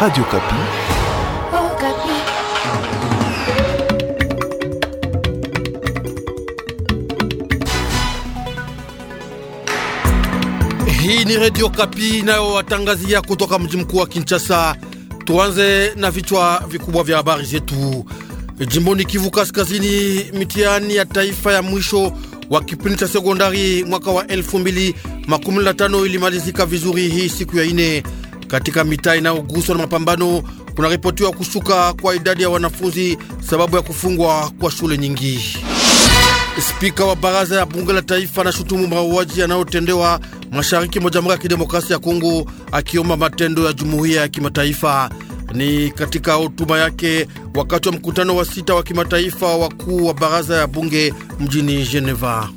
Radio Kapi. Oh, Kapi. Hii ni Radio Kapi nayo watangazia kutoka mji mkuu wa Kinshasa. Tuanze na vichwa vikubwa vya habari zetu. Jimboni Kivu Kaskazini, mitihani ya taifa ya mwisho wa kipindi cha sekondari mwaka wa 2015 ilimalizika vizuri hii siku ya ine. Katika mitaa inayoguswa na mapambano, kunaripotiwa kushuka kwa idadi ya wanafunzi sababu ya kufungwa kwa shule nyingi. Spika wa baraza ya bunge la taifa anashutumu mauaji yanayotendewa mashariki mwa Jamhuri ya Kidemokrasia ya Kongo, akiomba matendo ya jumuiya ya kimataifa. Ni katika hotuba yake wakati wa mkutano wa sita wa kimataifa wa wakuu wa baraza ya bunge mjini Geneva.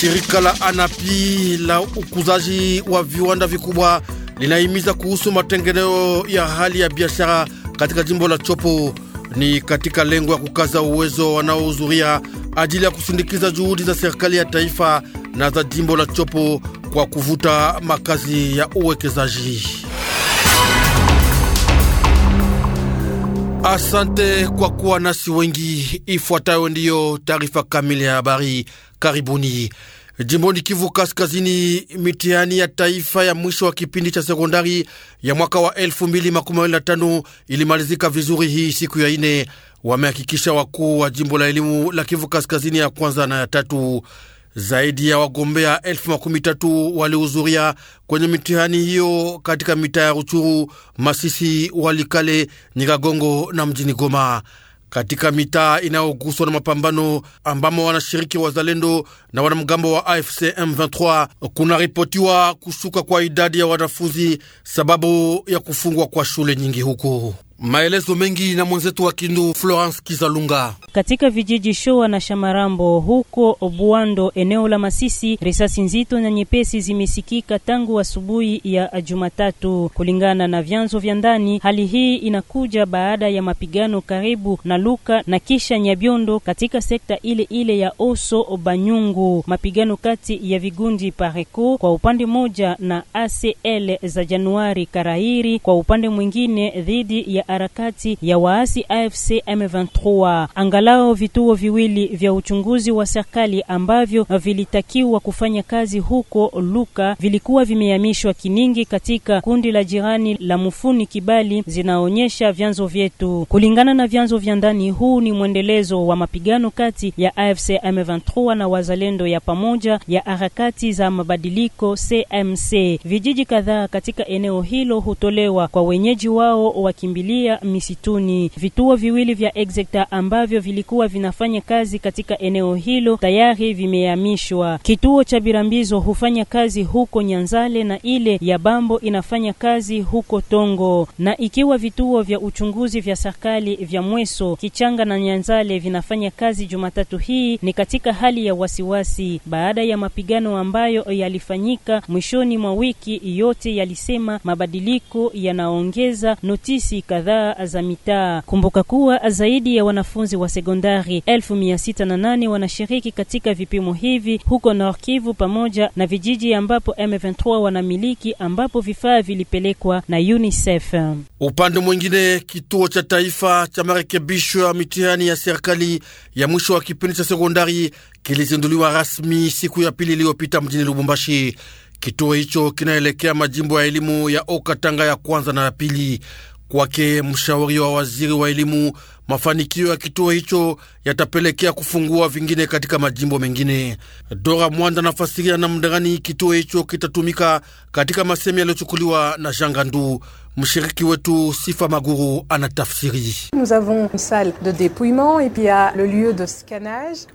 Shirika la Anapi la ukuzaji wa viwanda vikubwa linahimiza kuhusu matengeneo ya hali ya biashara katika jimbo la Chopo. Ni katika lengo ya kukaza uwezo wanaohudhuria ajili ya kusindikiza juhudi za serikali ya taifa na za jimbo la Chopo kwa kuvuta makazi ya uwekezaji. Asante kwa kuwa nasi wengi. Ifuatayo ndiyo taarifa kamili ya habari. Karibuni. Jimboni Kivu Kaskazini, mitihani ya taifa ya mwisho wa kipindi cha sekondari ya mwaka wa 2025 ilimalizika vizuri hii siku ya ine, wamehakikisha wakuu wa jimbo la elimu la Kivu Kaskazini ya kwanza na ya tatu. Zaidi ya wagombea 13 walihudhuria kwenye mitihani hiyo katika mitaa ya Ruchuru, Masisi, Walikale, Nyiragongo na mjini Goma katika mitaa inayoguswa na mapambano ambamo wanashiriki wazalendo na wanamgambo wa AFC M23 kunaripotiwa kushuka kwa idadi ya wanafunzi sababu ya kufungwa kwa shule nyingi huku Maelezo mengi na mwenzetu wa Kindu Florence Kizalunga. Katika vijiji Shoa na Shamarambo huko Obuando, eneo la Masisi, risasi nzito na nyepesi zimesikika tangu asubuhi ya Jumatatu. Kulingana na vyanzo vya ndani, hali hii inakuja baada ya mapigano karibu na Luka na kisha Nyabiondo katika sekta ile ile ya Oso Banyungu, mapigano kati ya vigundi Pareco kwa upande moja na ACL za Januari Karairi kwa upande mwingine dhidi ya harakati ya waasi AFC M23. Angalau vituo viwili vya uchunguzi wa serikali ambavyo vilitakiwa kufanya kazi huko Luka vilikuwa vimehamishwa Kiningi katika kundi la jirani la Mufuni Kibali, zinaonyesha vyanzo vyetu. Kulingana na vyanzo vya ndani, huu ni mwendelezo wa mapigano kati ya AFC M23 na wazalendo ya pamoja ya harakati za mabadiliko CMC. Vijiji kadhaa katika eneo hilo hutolewa kwa wenyeji wao wakimbilia raia misituni. Vituo viwili vya Exekta ambavyo vilikuwa vinafanya kazi katika eneo hilo tayari vimehamishwa. Kituo cha Birambizo hufanya kazi huko Nyanzale na ile ya Bambo inafanya kazi huko Tongo, na ikiwa vituo vya uchunguzi vya serikali vya Mweso, Kichanga na Nyanzale vinafanya kazi Jumatatu hii ni katika hali ya wasiwasi baada ya mapigano ambayo yalifanyika mwishoni mwa wiki. Yote yalisema mabadiliko yanaongeza notisi kadhaa kadhaa za mitaa. Kumbuka kuwa zaidi ya wanafunzi wa sekondari elfu mia sita na nane wanashiriki katika vipimo hivi huko Nord Kivu pamoja na vijiji ambapo M23 wanamiliki, ambapo vifaa vilipelekwa na UNICEF. Upande mwingine, kituo cha taifa cha marekebisho ya mitihani ya serikali ya mwisho wa kipindi cha sekondari kilizinduliwa rasmi siku ya pili iliyopita mjini Lubumbashi. Kituo hicho kinaelekea majimbo ya elimu ya Okatanga ya kwanza na ya pili. Kwake mshauri wa waziri wa elimu, mafanikio ya kituo hicho yatapelekea kufungua vingine katika majimbo mengine. Dora Mwanda nafasiria namna gani kituo hicho kitatumika katika masemi yaliyochukuliwa na Shangandu Mshiriki wetu Sifa Maguru anatafsiri.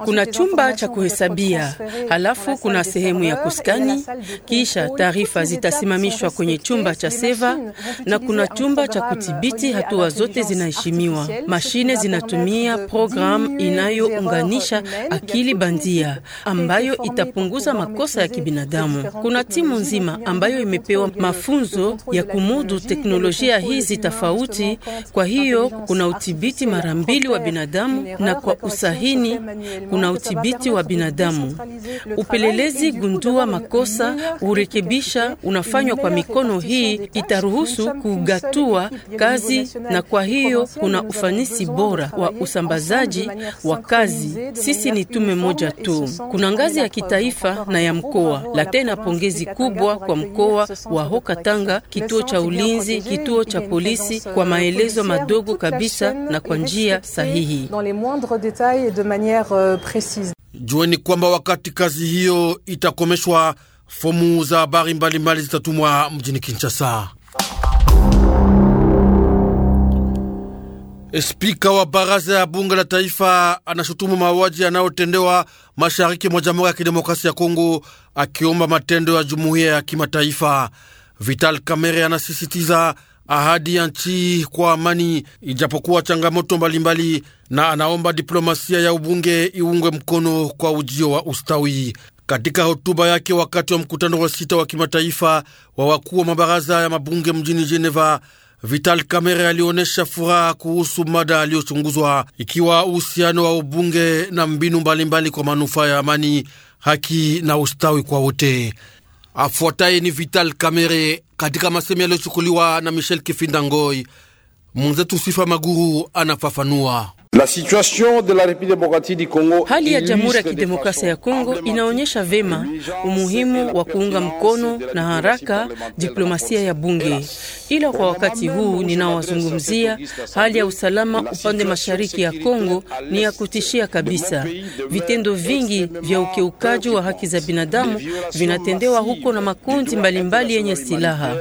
Kuna chumba cha kuhesabia, halafu kuna sehemu ya kuskani, kisha taarifa zitasimamishwa kwenye chumba cha seva, na kuna chumba cha kudhibiti. Hatua zote zinaheshimiwa. Mashine zinatumia programu inayounganisha akili bandia ambayo itapunguza makosa ya kibinadamu. Kuna timu nzima ambayo imepewa mafunzo ya kumudu teknolojia teknolojia hizi tofauti. Kwa hiyo kuna udhibiti mara mbili wa binadamu, na kwa usahini kuna udhibiti wa binadamu. Upelelezi gundua makosa, urekebisha, unafanywa kwa mikono. Hii itaruhusu kugatua kazi, na kwa hiyo kuna ufanisi bora wa usambazaji wa kazi. Sisi ni tume moja tu, kuna ngazi ya kitaifa na ya mkoa. La tena pongezi kubwa kwa mkoa wa hokatanga kituo cha ulinzi hadi kituo cha polisi kwa euh, maelezo madogo kabisa na kwa njia sahihi. Euh, Jueni kwamba wakati kazi hiyo itakomeshwa, fomu za habari mbalimbali zitatumwa mjini Kinshasa. Spika wa baraza ya bunge la taifa anashutumu mauaji yanayotendewa mashariki mwa Jamhuri ya Kidemokrasia ya Kongo, akiomba matendo ya jumuiya ya kimataifa. Vital Kamerhe anasisitiza ahadi ya nchi kwa amani, ijapokuwa changamoto mbalimbali, na anaomba diplomasia ya ubunge iungwe mkono kwa ujio wa ustawi. Katika hotuba yake wakati wa mkutano wa sita wa kimataifa wa wakuu wa mabaraza ya mabunge mjini Geneva, Vital Kamerhe alionyesha furaha kuhusu mada aliyochunguzwa, ikiwa uhusiano wa ubunge na mbinu mbalimbali mbali kwa manufaa ya amani, haki na ustawi kwa wote. Afuataye ni Vital Kamere katika masemi yaliyochukuliwa na Michel Kifindangoi. Mwenzetu Sifa Maguru anafafanua. La situation de la République démocratique du Congo, hali ya Jamhuri ya Kidemokrasia ya Kongo inaonyesha vema umuhimu wa kuunga mkono na haraka diplomasia ya bunge. Ila kwa wakati huu ninaowazungumzia, hali ya usalama upande mashariki ya Kongo ni ya kutishia kabisa. Vitendo vingi vya ukiukaji wa haki za binadamu vinatendewa huko na makundi mbalimbali yenye silaha.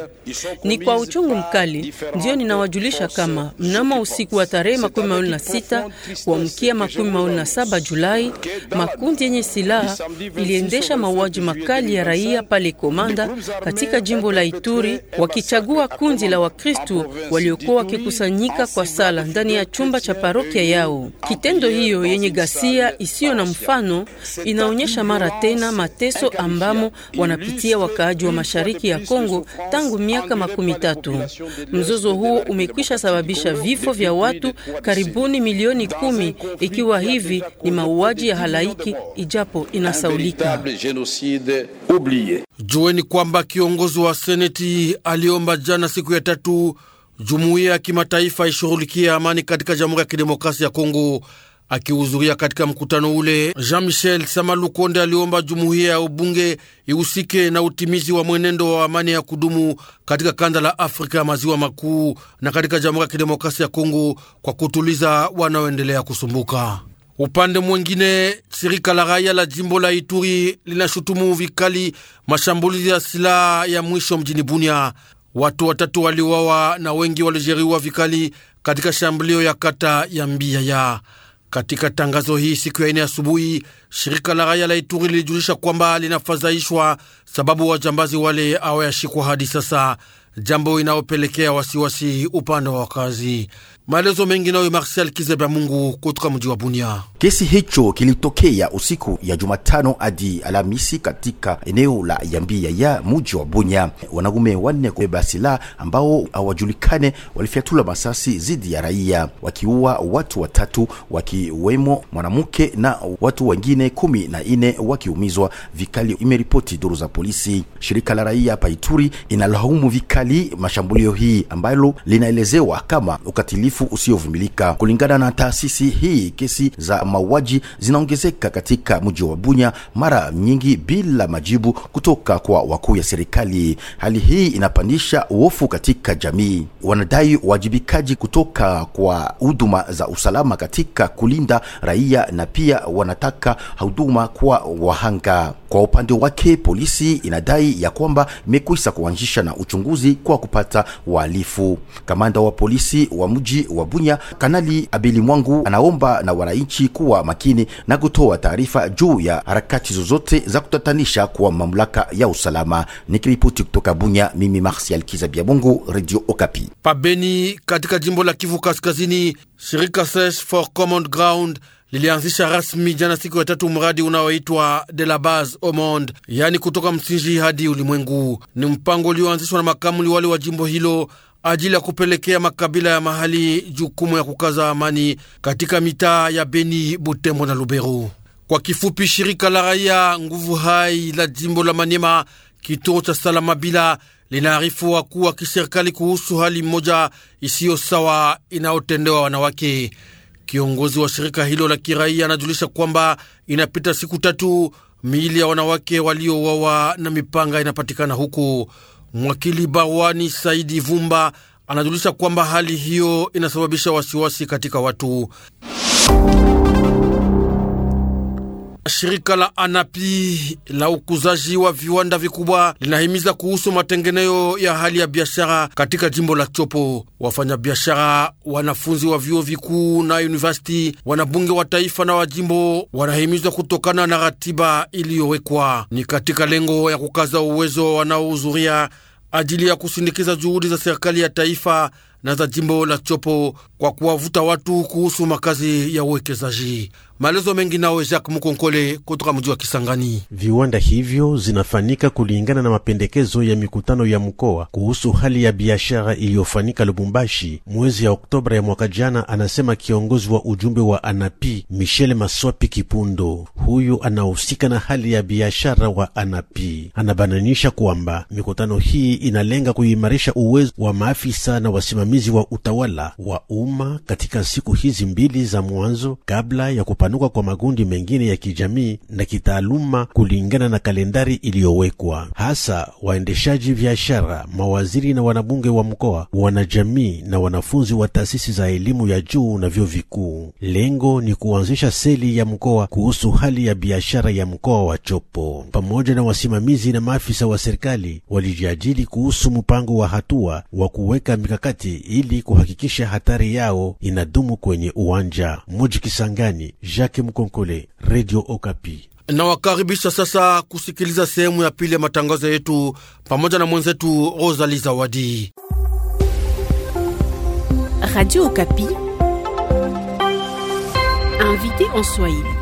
Ni kwa uchungu mkali ndiyo ninawajulisha kama mnamo usiku wa tarehe makumi mawili na sita kuamkia makumi mawili na saba Julai, makundi yenye silaha iliendesha mauaji makali ya raia pale Komanda katika jimbo la Ituri, wakichagua kundi la Wakristu waliokuwa wakikusanyika kwa sala ndani ya chumba cha parokia yao. Kitendo hiyo yenye ghasia isiyo na mfano inaonyesha mara tena mateso ambamo wanapitia wakaaji wa mashariki ya Kongo tangu miaka makumi tatu. Mzozo huo umekwisha sababisha vifo vya watu karibuni milioni milioni kumi. Ikiwa hivi ni mauaji ya halaiki, ijapo inasaulika. Jueni kwamba kiongozi wa seneti aliomba jana siku ya tatu jumuiya ya kimataifa ishughulikie amani katika Jamhuri ya Kidemokrasia ya Kongo Akihudhuria katika mkutano ule, Jean-Michel Samalukonde aliomba jumuiya ya ubunge ihusike na utimizi wa mwenendo wa amani ya kudumu katika kanda la Afrika ya maziwa makuu na katika Jamhuri ya Kidemokrasia ya Kongo kwa kutuliza wanaoendelea kusumbuka. Upande mwengine, shirika la raia la jimbo la Ituri linashutumu vikali mashambulizi ya silaha ya mwisho mjini Bunia. Watu watatu waliuawa na wengi walijeruhiwa vikali katika shambulio ya kata ya Mbiyaya. Katika tangazo hii siku ya ine asubuhi, shirika la raia la Ituri lilijulisha kwamba linafadhaishwa sababu wajambazi wale hawayashikwa hadi sasa, jambo inayopelekea wasiwasi upande wa wakazi. Maelezo mengi nayo Marshal Kizeba Mungu kutoka mji wa Bunia. Kesi hicho kilitokea usiku ya Jumatano hadi Alhamisi katika eneo la Yambia ya mji wa Bunia. Wanaume wanne kubeba silaha ambao hawajulikane walifyatula masasi zidi ya raia wakiua watu watatu wakiwemo mwanamke na watu wengine kumi na nne wakiumizwa vikali, imeripoti duru za polisi. Shirika la raia paituri inalaumu vikali mashambulio hii ambalo linaelezewa kama ukatili uhalifu usiovumilika. Kulingana na taasisi hii, kesi za mauaji zinaongezeka katika mji wa Bunya mara nyingi bila majibu kutoka kwa wakuu ya serikali. Hali hii inapandisha uofu katika jamii. Wanadai uwajibikaji kutoka kwa huduma za usalama katika kulinda raia na pia wanataka huduma kwa wahanga. Kwa upande wake, polisi inadai ya kwamba imekwisha kuanzisha na uchunguzi kwa kupata wahalifu. Kamanda wa polisi wa mji wa Bunya, Kanali Abeli Mwangu anaomba na wananchi kuwa makini na kutoa taarifa juu ya harakati zozote za kutatanisha kwa mamlaka ya usalama. Nikiripoti kutoka Bunya, mimi Martial Kizabia Mungu, Radio Okapi. Pabeni katika jimbo la Kivu Kaskazini, shirika Search for Common Ground lilianzisha rasmi jana siku ya tatu mradi unaoitwa de la base au monde, yani kutoka msingi hadi ulimwengu. Ni mpango ulioanzishwa na makamu liwali wa jimbo hilo ajili ya kupelekea makabila ya mahali jukumu ya kukaza amani katika mitaa ya Beni, Butembo na Lubero. Kwa kifupi, shirika la raia Nguvu Hai la jimbo la manema kituo cha salama bila linaarifu wakuu wa kiserikali kuhusu hali mmoja isiyo sawa inayotendewa wanawake. Kiongozi wa shirika hilo la kiraia anajulisha kwamba inapita siku tatu miili ya wanawake waliouawa na mipanga inapatikana huku Mwakili Barwani Saidi Vumba anajulisha kwamba hali hiyo inasababisha wasiwasi katika watu Shirika la Anapi la ukuzaji wa viwanda vikubwa linahimiza kuhusu matengeneo ya hali ya biashara katika jimbo la Chopo. Wafanyabiashara, wanafunzi wa vyuo vikuu na universiti, wanabunge wa taifa na wa jimbo wanahimizwa kutokana na ratiba iliyowekwa, ni katika lengo ya kukaza uwezo wanaohudhuria ajili ya kusindikiza juhudi za serikali ya taifa na za jimbo la Chopo kwa kuwavuta watu kuhusu makazi ya uwekezaji. Maelezo mengi nawe Jacques Mukonkole kutoka mji wa Kisangani. Viwanda hivyo zinafanyika kulingana na mapendekezo ya mikutano ya mkoa kuhusu hali ya biashara iliyofanyika Lubumbashi mwezi ya Oktobra ya mwaka jana, anasema kiongozi wa ujumbe wa ANAPI Michel Maswapi Kipundo. Huyu anahusika na hali ya biashara wa ANAPI anabananisha kwamba mikutano hii inalenga kuimarisha uwezo wa maafisa na wasimamizi wa utawala wa umma katika siku hizi mbili za mwanzo kabla ya kupa kupanuka kwa magundi mengine ya kijamii na kitaaluma kulingana na kalendari iliyowekwa. Hasa waendeshaji biashara, mawaziri na wanabunge wa mkoa, wanajamii na wanafunzi wa taasisi za elimu ya juu na vyuo vikuu. Lengo ni kuanzisha seli ya mkoa kuhusu hali ya biashara ya mkoa wa Chopo. Pamoja na wasimamizi na maafisa wa serikali walijiajili kuhusu mpango wa hatua wa kuweka mikakati ili kuhakikisha hatari yao inadumu kwenye uwanja muji Kisangani. Jacques Mkonkole, Radio Okapi. Nawakaribisha sasa kusikiliza sehemu ya pili ya matangazo yetu pamoja na mwenzetu Rosali Zawadi. Radio Okapi invité en Swahili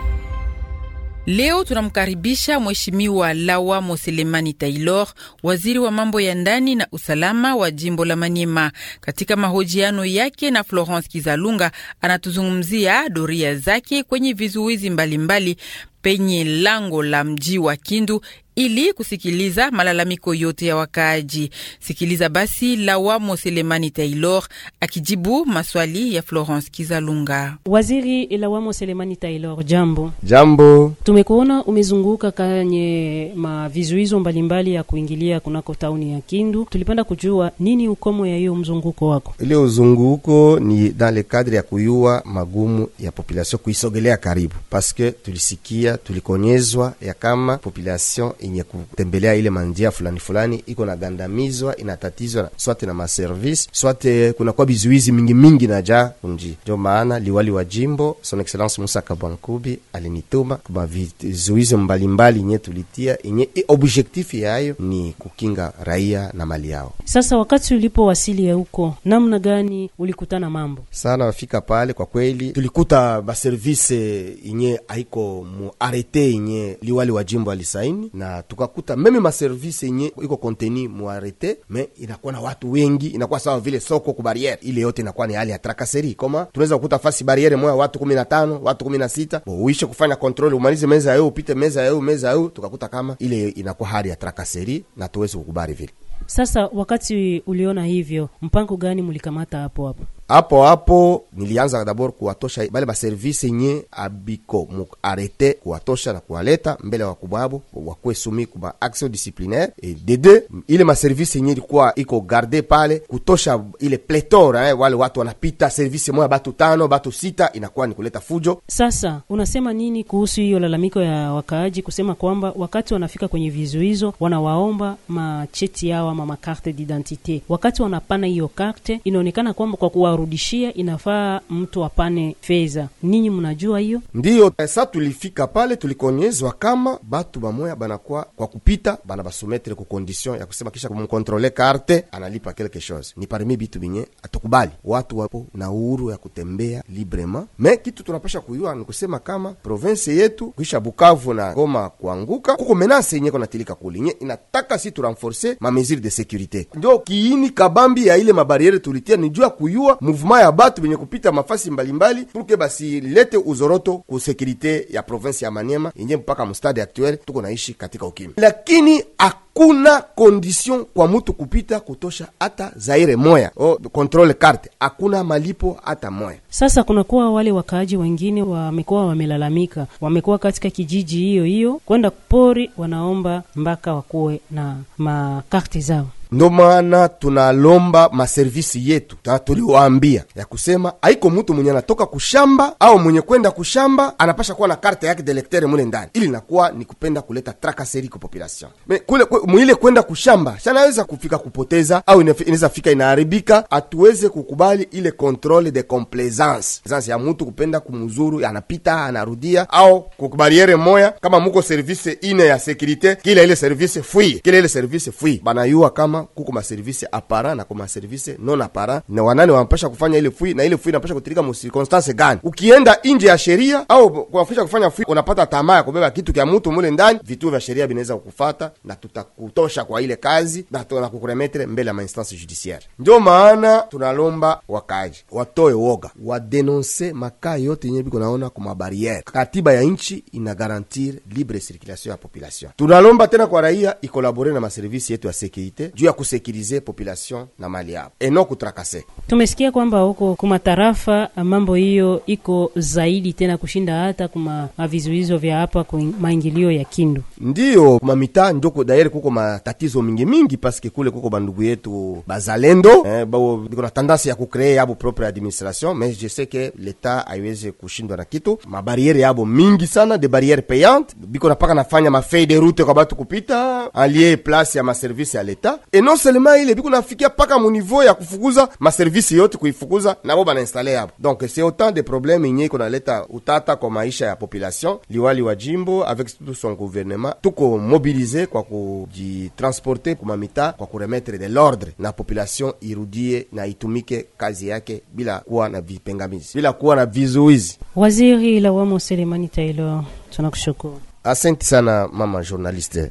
Leo tunamkaribisha Mheshimiwa lawa moselemani Taylor, waziri wa mambo ya ndani na usalama wa jimbo la Manyema. Katika mahojiano yake na Florence Kizalunga, anatuzungumzia doria zake kwenye vizuizi mbalimbali mbali, penye lango la mji wa Kindu ili kusikiliza malalamiko yote ya wakaaji. Sikiliza basi Lawamo Selemani Taylor akijibu maswali ya Florence Kizalunga. Waziri Lawamo Selemani Taylor, jambo. Jambo. Tumekuona umezunguka kanye mavizuizo mbalimbali ya kuingilia kunako tauni ya Kindu, tulipenda kujua nini ukomo ya hiyo mzunguko wako? Ile uzunguko ni dans le cadre ya kuyua magumu ya population kuisogelea karibu, paske tulisikia pia tulikonyezwa ya kama population yenye kutembelea ile manjia fulani fulani iko na gandamizwa inatatizwa swate na maservice swate eh, kunakuwa bizuizi mingi mingi na ja kunji. Ndio maana liwali wa jimbo Son Excellence Musa Kabwankubi alinituma kwa vizuizi mbalimbali yenye tulitia yenye objektifi yayo ni kukinga raia na mali yao. Sasa wakati ulipowasili ya huko, namna gani ulikutana mambo sana? Wafika pale kwa kweli tulikuta baservise yenye haiko mu arete yenye liwali wa jimbo alisaini, na tukakuta meme maservisi yenye iko konteni muarete me inakuwa na watu wengi, inakuwa sawa vile soko ku bariere ile yote inakuwa ni hali ya trakaseri. Koma tunaweza kukuta fasi bariere moya watu kumi na tano watu kumi na sita uishe kufanya kontrole, umalize meza yao, upite meza yao, meza yao, tukakuta kama ile inakuwa hali ya trakaseri na tuwezi kukubali vile. Sasa wakati uliona hivyo, mpango gani mlikamata hapo hapo? hapo hapo nilianza dabor kuwatosha bale baservise nye abiko muarete kuwatosha na kuwaleta mbele ya wakubwa yabo wakuwe sumi kuba action disciplinaire e dede ile maservise nye ilikuwa iko garde pale kutosha ile pletora eh, wale watu wanapita servise moya batu tano batu sita inakuwa ni kuleta fujo. Sasa unasema nini kuhusu hiyo lalamiko ya wakaaji kusema kwamba wakati wanafika kwenye vizuizo wanawaomba macheti yao ama makarte d'identite, wakati wanapana hiyo karte inaonekana kwamba kwa kuwa kuwarudishia inafaa mtu apane fedha. Ninyi mnajua hiyo ndiyo sa tulifika pale, tulikonyezwa kama batu bamoya banakuwa kwa kupita bana basometre ku condition ya kusema kisha kumkontrole karte analipa quelque chose. Ni parmi bitu binye atukubali watu wapo na uhuru ya kutembea librement, me kitu tunapasha kuyua ni kusema kama province yetu kisha Bukavu na Goma kuanguka kuko menase yenye konatilika kuli nye inataka si turenforce ma mesure de securite, ndio kiini kabambi ya ile mabariere tulitia ni kuyua mouvement ya batu benye kupita mafasi mbalimbali purke basilete uzoroto ku sekirite ya province ya Maniema yenye mpaka mustade actuel tuko naishi katika ukimi lakini hakuna kondision kwa mutu kupita kutosha hata zaire moya o oh, control carte, hakuna malipo hata moya. Sasa kunakuwa wale wakaaji wengine wamekuwa wamelalamika, wamekuwa katika kijiji hiyo hiyo kwenda pori, wanaomba mpaka wakuwe na makarte zao Ndo maana tunalomba maservisi yetu ta tuliwaambia ya kusema aiko mutu mwenye anatoka kushamba au mwenye kwenda kushamba anapasha kuwa na karte yake delektere mule ndani, ili nakuwa ni kupenda kuleta trakaseri kwa population me kule mwile kwenda kushamba shanaweza kufika kupoteza au inaweza fika inaharibika. Hatuweze kukubali ile controle de complaisance sasa ya mutu kupenda kumuzuru, anapita anarudia, au kukubaliere moya kama muko service ine ya sekirite, kila ile service fui, kila ile service fui banayua kama kuko maservise apara na kuma service non apara, na wanani wanapasha kufanya ile fui na ile fui inapasha kutirika mu circonstance gani. Ukienda nje ya sheria au kuafisha kufanya fui, unapata tamaa ya kubeba kitu kya mtu mule ndani, vituo vya sheria vinaweza kukufata na tutakutosha kwa ile kazi na kukuremetre mbele ya mainstance judiciaire. Ndio maana tunalomba wakaji watoe woga, wadenonse makaa yote yenye biko naona kuma barriere. Katiba ya nchi ina garantir libre circulation ya population. Tunalomba tena kwa raia ikolabore na maservisi yetu ya sekirite juu ya kusekirize population na mali yao eno kutrakase. Tumesikia kwamba huko kuma tarafa mambo hiyo iko zaidi tena kushinda hata kuma vizuizo vya hapa maingilio ya Kindu, ndiyo kuma mitaa ndoko dairi kuko matatizo mingi mingi, paske kule kuko bandugu yetu bazalendo eh, bao biko na tendance ya kukree yabo propre administration, mais je sais que l'etat haiwezi kushindwa na kitu. Mabariere yabo mingi sana de barriere payante biko napaka nafanya mafei de route kwa batu kupita alie place ya maservice ya l'etat non seulement il est ile biku nafikia paka mon niveau ya kufukuza maservisi yote kuifukuza nabo banainstale yabo. Donc c'est autant de problèmes yenye iko naleta utata kwa maisha ya population. Liwali wa jimbo avec tout son gouvernement tout tuko mobilize kwa kujitransporter kwa mamita kwa kuremetre de l'ordre na population irudie na itumike kazi yake bila kuwa na vipengamizi, bila kuwa na vizuizi. Waziri Lawamo Selemani Taylor, tunakushukuru. Asante sana mama journaliste.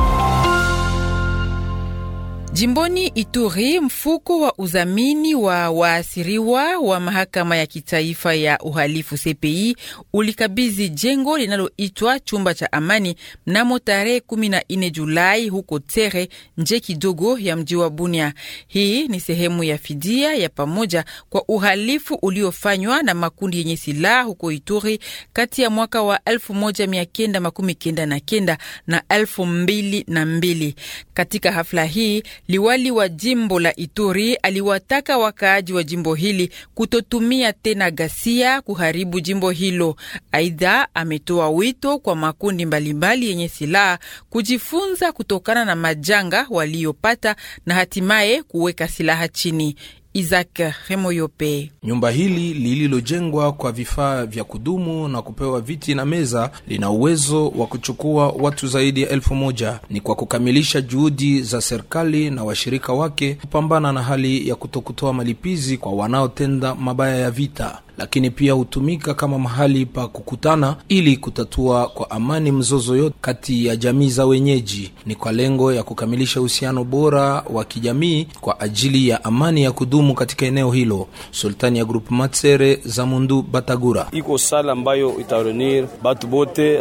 Jimboni Ituri, mfuko wa uzamini wa waasiriwa wa mahakama ya kitaifa ya uhalifu CPI ulikabidhi jengo linaloitwa chumba cha amani mnamo tarehe 14 Julai huko Tere, nje kidogo ya mji wa Bunia. Hii ni sehemu ya fidia ya pamoja kwa uhalifu uliofanywa na makundi yenye silaha huko Ituri kati ya mwaka wa 1999 na 2002. Katika hafla hii Liwali wa jimbo la Ituri aliwataka wakaaji wa jimbo hili kutotumia tena ghasia kuharibu jimbo hilo. Aidha, ametoa wito kwa makundi mbalimbali yenye silaha kujifunza kutokana na majanga waliyopata na hatimaye kuweka silaha chini. Isaac Remoyope. Nyumba hili lililojengwa kwa vifaa vya kudumu na kupewa viti na meza lina uwezo wa kuchukua watu zaidi ya elfu moja. Ni kwa kukamilisha juhudi za serikali na washirika wake kupambana na hali ya kutokutoa malipizi kwa wanaotenda mabaya ya vita lakini pia hutumika kama mahali pa kukutana ili kutatua kwa amani mzozo yote kati ya jamii za wenyeji. Ni kwa lengo ya kukamilisha uhusiano bora wa kijamii kwa ajili ya amani ya kudumu katika eneo hilo. Sultani ya Group Matsere za Mundu Batagura, iko sala ambayo itarenir batu bote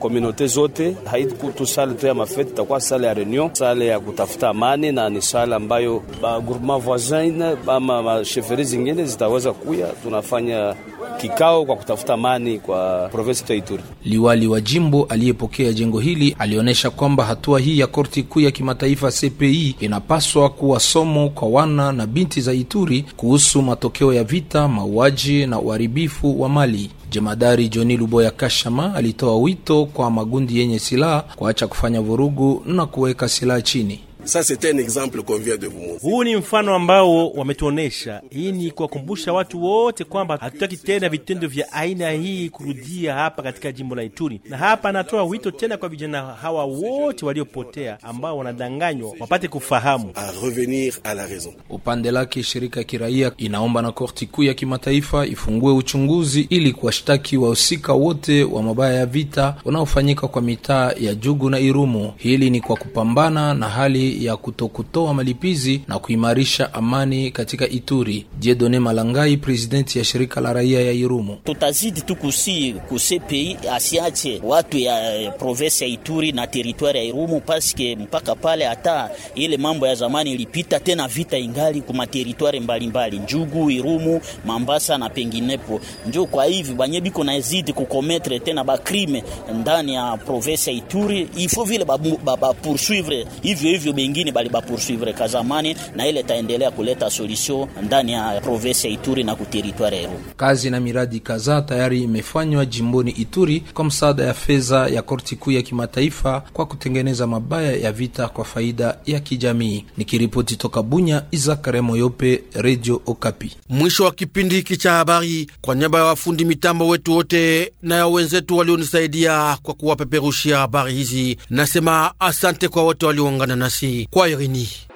uh, zote. Haikutu sala tu ya mafeti, itakuwa sala ya reunion, sala ya kutafuta amani, na ni sala ambayo ba voisin ama masheferi zingine zitaweza kuya tunafanya kikao kwa kutafuta amani kwa provinsi ya Ituri. Liwali wa jimbo aliyepokea jengo hili alionyesha kwamba hatua hii ya korti kuu ya kimataifa CPI inapaswa kuwa somo kwa wana na binti za Ituri kuhusu matokeo ya vita, mauaji na uharibifu wa mali. Jemadari Joni Luboya Kashama alitoa wito kwa magundi yenye silaha kuacha kufanya vurugu na kuweka silaha chini. Huu ni mfano ambao wametuonyesha Hii ni kuwakumbusha watu wote kwamba hatutaki tena vitendo vya aina hii kurudia hapa katika jimbo la Ituri. Na hapa anatoa wito tena kwa vijana hawa wote waliopotea ambao wanadanganywa wapate kufahamu. Upande lake shirika ya kiraia inaomba na korti kuu ya kimataifa ifungue uchunguzi ili kuwashtaki wahusika wote wa mabaya ya vita wanaofanyika kwa mitaa ya Jugu na Irumu. Hili ni kwa kupambana na hali ya kutokutoa malipizi na kuimarisha amani katika Ituri. Jedone Malangai, presidenti ya shirika la raia ya Irumu: tutazidi tu kusi kusepei asiache watu ya eh, province ya Ituri na teritwari ya Irumu paske mpaka pale hata ile mambo ya zamani ilipita, tena vita ingali kuma teritwari mbalimbali Njugu, Irumu, Mambasa na penginepo njo kwa hivi banye biko nazidi kukometre tena bakrime ndani ya province ya Ituri ifo vile babapursuivre baba poursuivre hivyo hivyo mengine bali ba poursuivre kazamani na ile taendelea kuleta solution ndani ya province ya Ituri na territoire ya kazi. Na miradi kadhaa tayari imefanywa jimboni Ituri kwa msaada ya fedha ya korti kuu ya kimataifa kwa kutengeneza mabaya ya vita kwa faida ya kijamii. Nikiripoti toka Bunya, Izakare Moyope, Radio Okapi. Mwisho wa kipindi hiki cha habari, kwa niaba ya wafundi mitambo wetu wote na ya wenzetu walionisaidia kwa kuwapeperushia habari hizi, nasema asante kwa wote walioungana nasi. Quoi Irini?